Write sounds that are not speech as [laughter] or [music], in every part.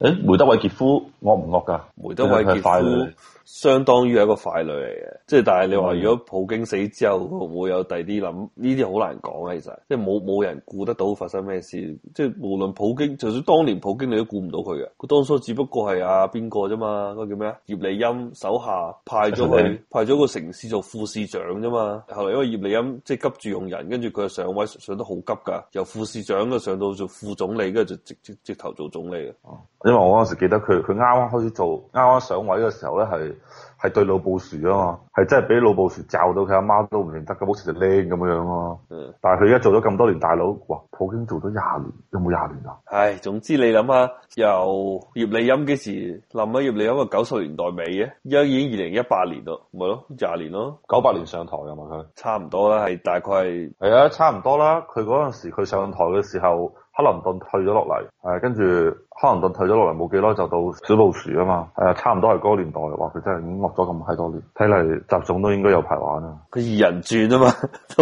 誒、哎，梅德韋傑夫惡唔惡噶？梅德韋傑夫。惡相當於係一個傀儡嚟嘅，即係但係你話如果普京死之後、嗯、會唔會有第二啲諗呢啲好難講啊，其實即係冇冇人顧得到發生咩事，即係無論普京，就算當年普京你都顧唔到佢嘅，佢當初只不過係阿邊個啫嘛，嗰個叫咩啊？葉利欽手下派咗去 [laughs] 派咗個城市做副市長啫嘛，後嚟因為葉利欽即係急住用人，跟住佢上位上，上得好急噶由副市長上到做副總理，跟住就直直直頭做總理嘅。哦，因為我嗰陣時記得佢，佢啱啱開始做啱啱上位嘅時候咧係。係對老布殊啊嘛，係真係俾老布殊罩到佢阿媽都唔認得咁，好似隻靚咁樣咯。嗯，是的 但係佢而家做咗咁多年大佬，哇！普京做咗廿年，有冇廿年啊？唉，總之你諗下，由葉利欽幾時諗啊？葉利欽係九十年代尾嘅，而已經二零一八年咯，咪咯廿年咯，九八年上台噶嘛佢，差唔多啦，係大概係係啊，差唔多啦。佢嗰陣時佢上台嘅時候。克林頓退咗落嚟，係跟住克林頓退咗落嚟冇幾耐就到小布殊啊嘛，係啊，差唔多係嗰個年代，話佢真係已經惡咗咁太多年，睇嚟習總都應該有排玩啦。佢二人轉啊嘛，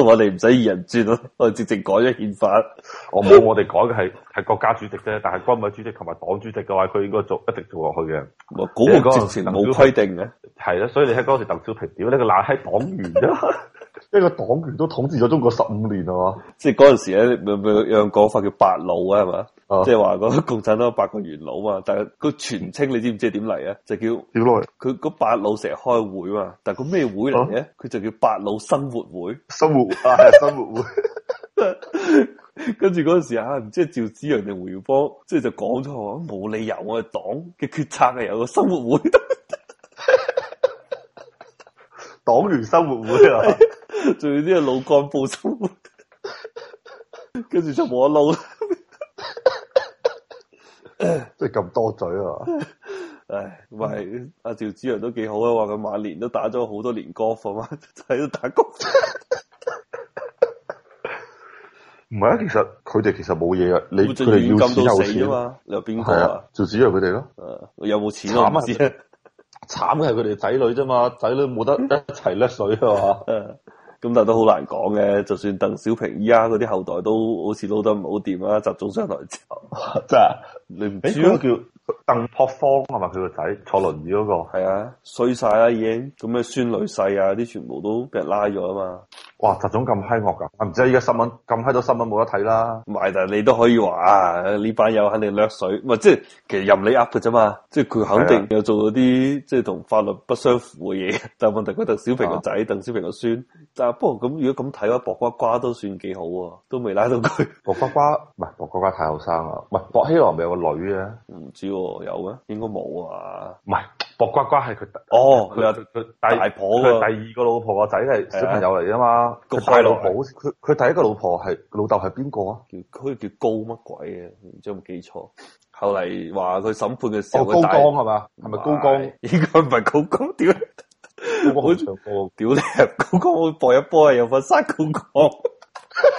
我哋唔使二人轉咯，我哋直接改咗憲法。我冇，我哋改嘅係係國家主席啫，但係軍委主席同埋黨主席嘅話，佢應該做一直做落去嘅。我估嗰古墓 個職權冇規定嘅，係咯，所以你喺嗰時鄧小平點咧，你個爛閪黨員啊！ [laughs] 一個黨員都統治咗中國十五年啊嘛，即係嗰陣時咧，有有講法叫八老啊嘛，即係話個共產黨八個元老嘛，但係佢全稱你知唔知點嚟啊？就叫佢八老成日開會嘛，但係個咩會嚟嘅？佢、啊、就叫八老生活會，生活會、啊、生活會。 [laughs] [laughs] 跟住嗰陣時啊，唔知係趙紫陽定胡耀邦，即係就講咗話，冇、嗯、理由我哋黨嘅決策係有個生活會，黨 [laughs] 員生活會啊！ [laughs] [laughs] [laughs] 仲要啲係老幹部出，跟住就冇得撈啦。即係咁多嘴啊！唉、哎，喂，阿趙子陽都幾好啊？話佢晚年都打咗好多年高爾夫嘛，喺度打谷。唔係啊，其實佢哋其實冇嘢啊。你佢哋要錢有錢啊，啊嘛。你話邊個啊？趙子陽佢哋咯。有冇錢啊？慘啊！慘嘅係佢哋仔女啫嘛，仔女冇得一齊甩水啊嘛。咁但係都好難講嘅，就算鄧小平依家嗰啲後代都好似撈得唔好掂啊，集中上台之後， [laughs] 真係的你唔知啊、欸那個、叫鄧樸方係咪佢個仔坐輪椅嗰個？係啊，衰晒啦已經，咁咩孫女婿啊啲全部都俾人拉咗啊嘛。哇，特總咁閪惡噶，唔、啊、知依家新聞咁閪多新聞冇得睇啦。唔係，但係你都可以話啊，呢班友肯定掠水，唔係即係其實任你呃噶啫嘛，即係佢肯定有做到啲即係同法律不相符嘅嘢。但係問題佢鄧小平個仔，鄧、啊、小平個孫，但不過咁如果咁睇嘅話，薄瓜瓜都算幾好啊，都未拉到佢。薄瓜瓜唔係薄瓜瓜太後生啊，唔係薄希龍咪有個女嘅？唔知、啊、有咩？應該冇啊。唔係。薄瓜瓜係佢哦，佢有佢第佢第二個老婆個仔係小朋友嚟啫嘛，個的大老婆佢佢的第一個老婆係老豆係邊個啊？叫可叫高乜鬼啊？唔知有冇記錯。後嚟，話佢審判嘅時候，哦、高崗係嘛？係咪大高崗？應該唔係高崗，屌！我好長毛，屌你，高崗我薄一波有份殺高崗。 [laughs]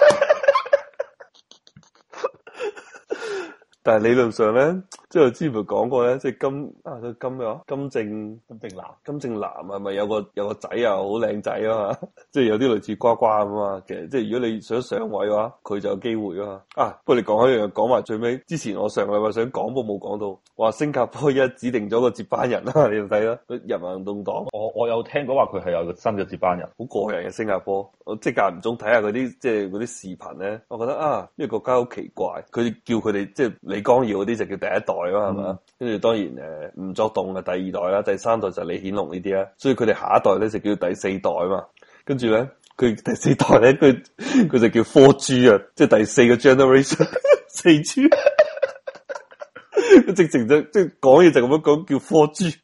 但係理論上咧，即係之前咪講過咧，即係金啊，金咩話？金正金正男，金正男係係啊，咪有個有個仔啊，好靚仔啊嘛，即係有啲類似瓜瓜咁啊。其實即係如果你想上位嘅話，佢就有機會啊。啊，不過你講一樣講埋最尾，之前我上個禮拜想講都冇講到，話新加坡而家指定咗個接班人啦、啊，你睇啦，人民行動黨，我我有聽講話佢係有個新嘅接班人，好過人嘅新加坡。我即係間唔中睇下嗰啲即係嗰啲視頻咧，我覺得啊，呢、這個國家好奇怪，佢叫佢哋、就是、即係你。光耀嗰啲就叫第一代啦，係嘛？跟住、嗯、當然誒，吳作棟嘅第二代啦，第三代就李顯龍呢啲啦，所以佢哋下一代咧就叫第四代嘛。跟住咧，佢第四代咧，佢佢就叫 four G 啊，即係第四個 generation， [laughs] 四 G 豬。 [laughs] 直情就即係講嘢就咁樣講，叫 four G。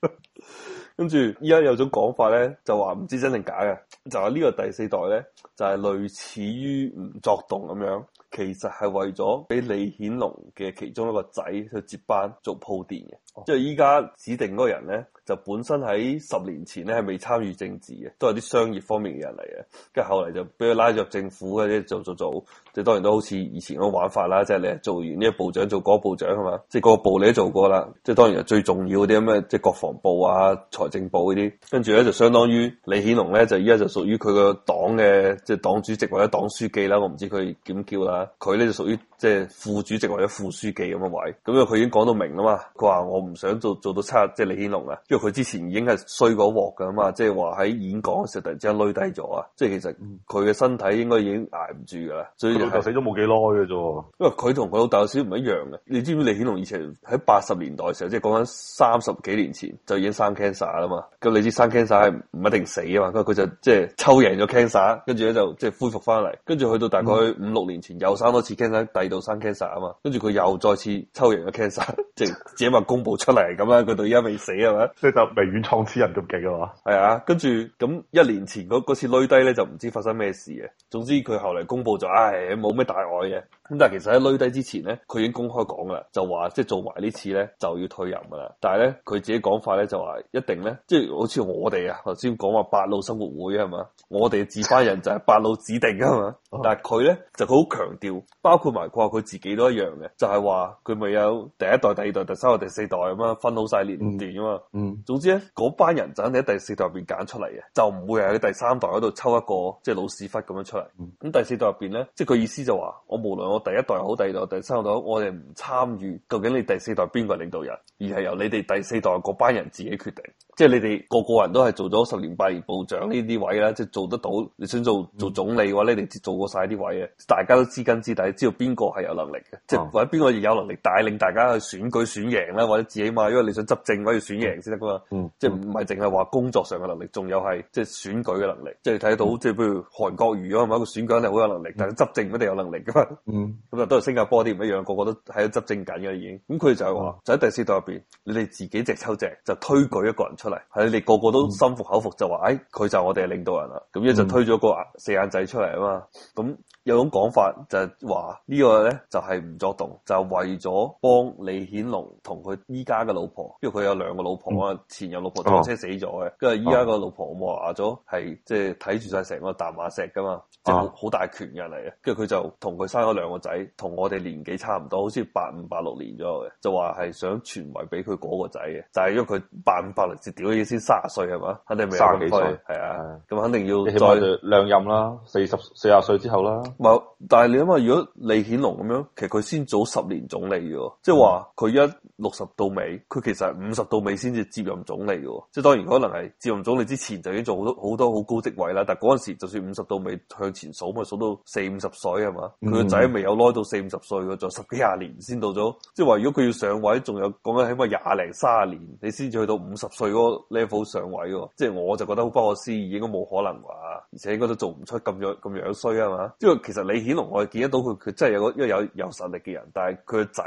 跟住依家有種講法咧，就話唔知真定假嘅，就話呢個第四代咧，就係、是、類似於吳作棟咁樣。其實係為咗俾李顯龍嘅其中一個仔去接班做鋪墊嘅，Oh. 即係依家指定嗰個人咧，就本身喺十年前咧係未參與政治嘅，都係啲商業方面嘅人嚟嘅。跟住後嚟就俾佢拉入政府嘅，即係做做做，做，即係當然都好似以前嗰玩法啦，即係你做完呢個部長，做嗰個部長係嘛，即係個部你都做過啦。即係當然係最重要嗰啲咁嘅，即係國防部啊、財政部嗰啲。跟住咧就相當於李顯龍咧，就依家就屬於佢個黨嘅，即係黨主席或者黨書記啦。我唔知佢點叫啦。佢咧就屬於即係副主席或者副書記咁嘅位，咁啊佢已經講到明啦嘛。佢話我唔想做做到差，即係李顯龍啊，因為佢之前已經係衰過鑊噶嘛，即係話喺演講嘅時候突然之間累低咗啊，即係其實佢嘅身體應該已經捱唔住噶啦。所以就係、老豆死咗冇幾耐嘅啫，因為佢同佢老豆有少少唔一樣嘅。你知唔知李顯龍以前喺八十年代時候，即係講緊三十幾年前就已經生 cancer 啦嘛。咁你知生 cancer 係唔一定死啊嘛。咁佢就即係抽贏咗 cancer，跟住咧就即係恢復翻嚟，跟住去到大概五六年前、嗯又生多次 cancer，第二度生 cancer 啊嘛，跟住佢又再次抽型嘅 cancer，即係自己咪公布出嚟咁啊？佢到依家未死啊嘛，所以就微軟創始人咁勁嘅話，係啊，跟住咁一年前嗰次累低咧，就唔知發生咩事嘅。總之佢後嚟公布咗，唉冇咩大礙嘅。咁但係其實喺累低之前咧，佢已經公開講噶啦，就話即係做埋呢次咧就要退任噶啦。但係咧佢自己講法咧就話一定咧，即係好似我哋啊頭先講話八路生活會係嘛，我哋嘅接班人就係八路指定嘅嘛。但係佢咧就好強。調包括埋佢話佢自己都一樣嘅，就係話佢咪有第一代、第二代、第三代、第四代咁樣分好晒年齡段噶嘛。嗯，總之咧，嗰、嗯、班人就肯定喺第四代入邊揀出嚟嘅，就唔會係喺第三代嗰度抽一個即係、就是、老屎忽咁樣出嚟。咁、嗯、第四代入邊咧，即係佢意思就話，我無論我第一代好、第二代好、第三代好，我哋唔參與。究竟你第四代邊個領導人，而係由你哋第四代嗰班人自己決定。即係你哋個個人都係做咗十年八年部長呢啲位啦，即係做得到。你想做做總理嘅話、嗯、你哋做過晒啲位嘅，大家都知根知底，知道邊個係有能力嘅，即係、啊、或者邊個亦有能力帶領大家去選舉選贏啦。或者自己嘛，因為你想執政，我要選贏先得噶嘛。嗯、即係唔係淨係話工作上嘅能力，仲有係即係選舉嘅能力，即係睇到即係譬如韓國瑜啊一個選舉係好有能力，但係執政唔一定有能力噶嘛。咁啊、嗯、 [laughs] 都係新加坡啲唔一樣，個個都喺度執政緊嘅已經。咁佢就話，就喺第四代入邊，你哋自己直抽隻就推舉一個人出嚟，係你個個都心服口服，就話誒，佢就我哋嘅領導人啦。咁一就推咗個四眼仔出嚟啊嘛，咁有種講法就係話呢個咧就係吳作棟，就係為咗幫李顯龍同佢依家嘅老婆。因為佢有兩個老婆啊，前有老婆撞車死咗嘅，跟住依家個老婆冇話咗係即係睇住晒成個大馬石噶嘛，即係好大權人嚟嘅。跟住佢就同佢生咗兩個仔，同我哋年紀差唔多，好似八五八六年左右嘅，就話係想傳媒俾佢嗰個仔嘅，就係因為佢八法律六屌嘢先三十歲係嘛？肯定未咁快，係啊，咁的的肯定要再兩任啦。四十四十歲之後啦。唔係，但係你諗下，如果李顯龍咁樣，其實佢先早十年總理嘅，即係話佢一六十到尾，佢其實係五十到尾先至接任總理嘅。即係當然可能係接任總理之前就已經做好多好多好高職位啦。但係嗰陣時就算五十到尾向前數嘛，數到四五十歲係嘛？佢個仔未有耐到四五十歲，佢再十幾廿年先到咗。即係話如果佢要上位，仲有講緊起碼廿零三十年，你先至去到五十歲。你 Level 上位喎，即係我就覺得好不可思議，應該冇可能話，而且應該都做唔出咁樣咁樣衰啊嘛。因為其實李顯龍我係見得到佢，佢真係有個因為有有實力嘅人，但係佢個仔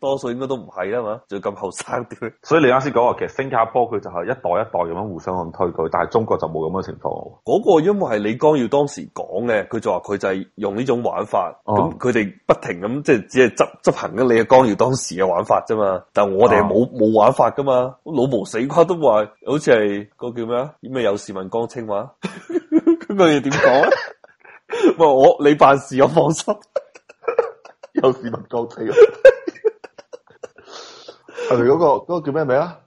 多數應該都唔係啊嘛，仲咁後生。所以你啱先講話，其實新加坡佢就係一代一代咁樣互相推舉，但係中國就冇咁嘅情況。嗰個因為係李光耀當時講嘅，佢就話佢就係用呢種玩法，咁佢哋不停咁即係只係執執行緊李光耀當時嘅玩法啫嘛。但係我哋冇冇玩法噶嘛，老毛死瓜都話。好似係嗰個叫咩啊？咩有市民江青話，佢哋點講咧？喂 [laughs] 我你辦事，我放心。 [laughs] 有市民江青，係 [laughs] 嗰、 [laughs] 那個嗰、那個叫咩名啊？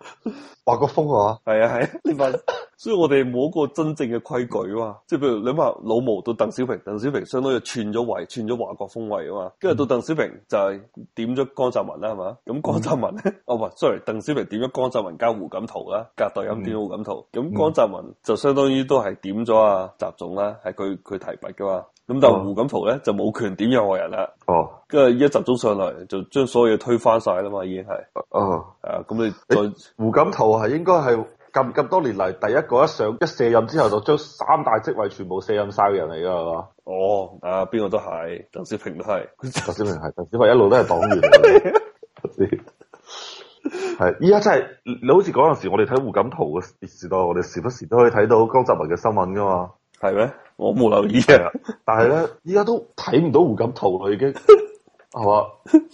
華國鋒啊？係啊係。你辦 [laughs] 所以我哋冇一個真正嘅規矩啊，即係譬如你話老毛到鄧小平，鄧小平相當於串咗位，串咗華國鋒位啊嘛，跟住到鄧小平就係點咗江澤民啦，係嘛？咁江澤民咧，哦、嗯，喂 sorry 鄧小平點咗江澤民加胡錦濤啦，隔代咁點胡錦濤，咁、嗯、江澤民就相當於都係點咗啊習總啦，係佢佢提拔噶嘛，咁但胡錦濤咧就冇權點任何人啦，哦、嗯，跟住一習總上來就將所有嘢推翻晒啦嘛，已經係，哦，係啊，咁你再胡錦濤係應該係。咁咁多年嚟，第一個一上一卸任之後，就將三大職位全部卸任晒嘅人嚟噶，係嘛？哦，啊，邊個都係，鄧小平都係，鄧 [laughs] 小平係，鄧小平一路都係黨員。我知， [laughs] [laughs] 係依家真係，你好似嗰陣時，我哋睇胡錦濤嘅時代，我哋時不時都可以睇到江澤民嘅新聞噶嘛？係咩？我冇留意啊！ [laughs] [laughs] 但係咧，依家都睇唔到胡錦濤佢已經係嘛？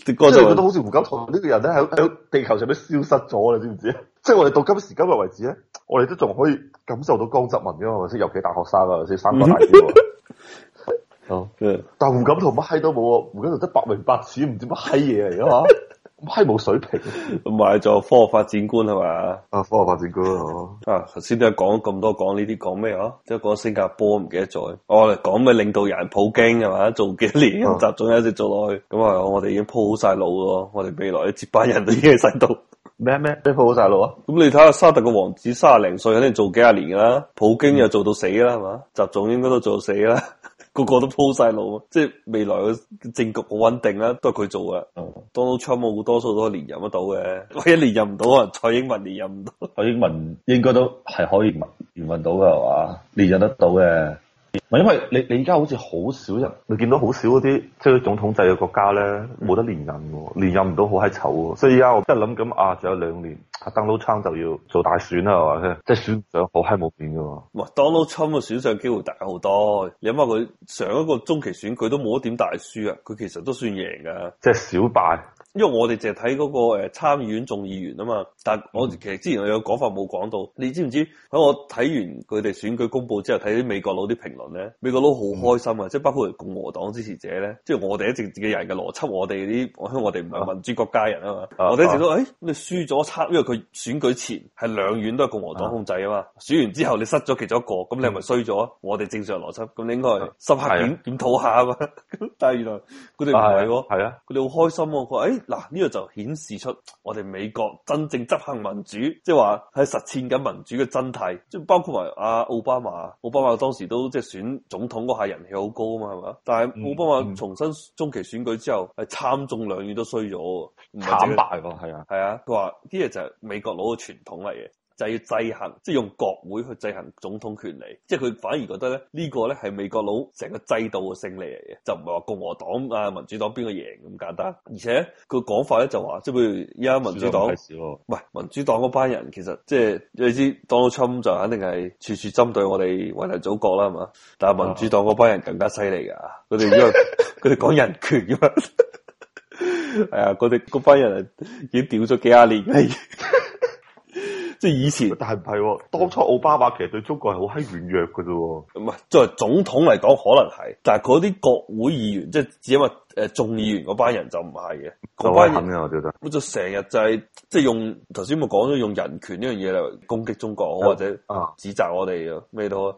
江澤民都好似胡錦濤呢個人咧，喺喺地球上邊消失咗啦，你知唔知啊？即係我哋到今時今日為止咧，我哋都仲可以感受到江澤民嘅，係咪先？尤其大學生啊，啲三觀大啲。好，但係胡錦濤乜閪都冇，啊，胡錦濤得百名白癡，唔知乜閪嘢嚟嘅嘛？閪冇 [laughs] 水平，咁埋仲有科學發展觀係嘛？啊，科學發展觀 [laughs] 啊，頭先都係講咁多，講呢啲，講咩啊？即係講新加坡，唔記得咗。我哋講咩領導人？普京係嘛？做幾年集中、啊、一直做落去，咁、嗯、啊，我哋已經鋪好晒路咯。我哋未來接班人都已經喺度。咩咩咩，鋪好晒路啊？咁你睇下沙特個王子卅零歲，肯定做幾廿年噶啦。普京又做到死啦，係嘛、嗯？習總應該都做到死啦，個個都鋪晒路，即係未來嘅政局好穩定啦，都係佢做嘅。特朗普好多數都係連任得到嘅。我一連任唔到，啊！蔡英文連任唔到。蔡英文應該都係可以連任到嘅，係嘛？連任得到嘅。因為你你而家好似好少人，你見到好少嗰啲即係總統制嘅國家咧，冇得連任喎，連任唔到好閪醜喎。所以而家我真係諗緊啊，仲有兩年阿 Donald Trump 就要做大選啦，係咪？即係選上好閪冇面嘅喎。哇，Donald Trump 嘅選上機會大好多。你諗下佢上一個中期選舉都冇一點大輸啊，佢其實都算贏嘅。即係小敗。因為我哋淨係睇嗰個誒參議院眾議員啊嘛，但係我其實之前我有講法冇講到，你知唔知？喺我睇完佢哋選舉公佈之後，睇啲美國佬啲評論咧，美國佬好開心啊！即係包括共和黨支持者咧，即係我哋一直自己人嘅邏輯，我哋啲我我哋唔係民主國家人啊嘛，啊啊我哋一直都誒、欸、你輸咗差，因為佢選舉前係兩院都係共和黨控制啊嘛，選完之後你失咗其中一個，咁你係咪衰咗？我哋正常邏輯，咁你應該深刻檢討下啊嘛，但係原來佢哋唔係喎，係啊，佢哋好開心喎、啊，佢、欸、話嗱，呢、啊這個就顯示出我哋美國真正執行民主，即係話係實踐緊民主嘅真諦，即係包括埋阿奧巴馬。奧巴馬當時都即係選總統嗰下人氣好高啊嘛，係嘛？但係奧巴馬重新中期選舉之後係參眾兩院都衰咗，唔係慘敗喎，係啊，係啊，佢話呢嘢就係美國佬嘅傳統嚟嘅。就要制衡，即、就、係、是、用國會去制衡總統權力。即係佢反而覺得咧呢個咧係美國佬成個制度嘅勝利嚟嘅，就唔係話共和黨啊、民主黨邊個贏咁簡單。而且佢講法咧就話，即係譬如而家民主黨，唔、啊、係民主黨嗰班人，其實即係、就是、你知，當侵就肯定係處處針對我哋偉大祖國啦，係嘛？但係民主黨嗰班人更加犀利噶，佢哋、啊、因為佢哋講人權啊，係 [laughs] 啊、哎，佢哋嗰班人已經屌咗幾廿年。即係以前，但係唔係，當初奧巴馬其實對中國係好閪軟弱嘅啫、哦。唔係，作為總統嚟講，可能係，但係嗰啲國會議員，即係只因為誒眾議員嗰班人就唔係嘅，嗰班人我覺得。咁就成日就係、就是、對即係用頭先我講咗用人權呢樣嘢嚟攻擊中國，有或者啊指責我哋咩、啊、都。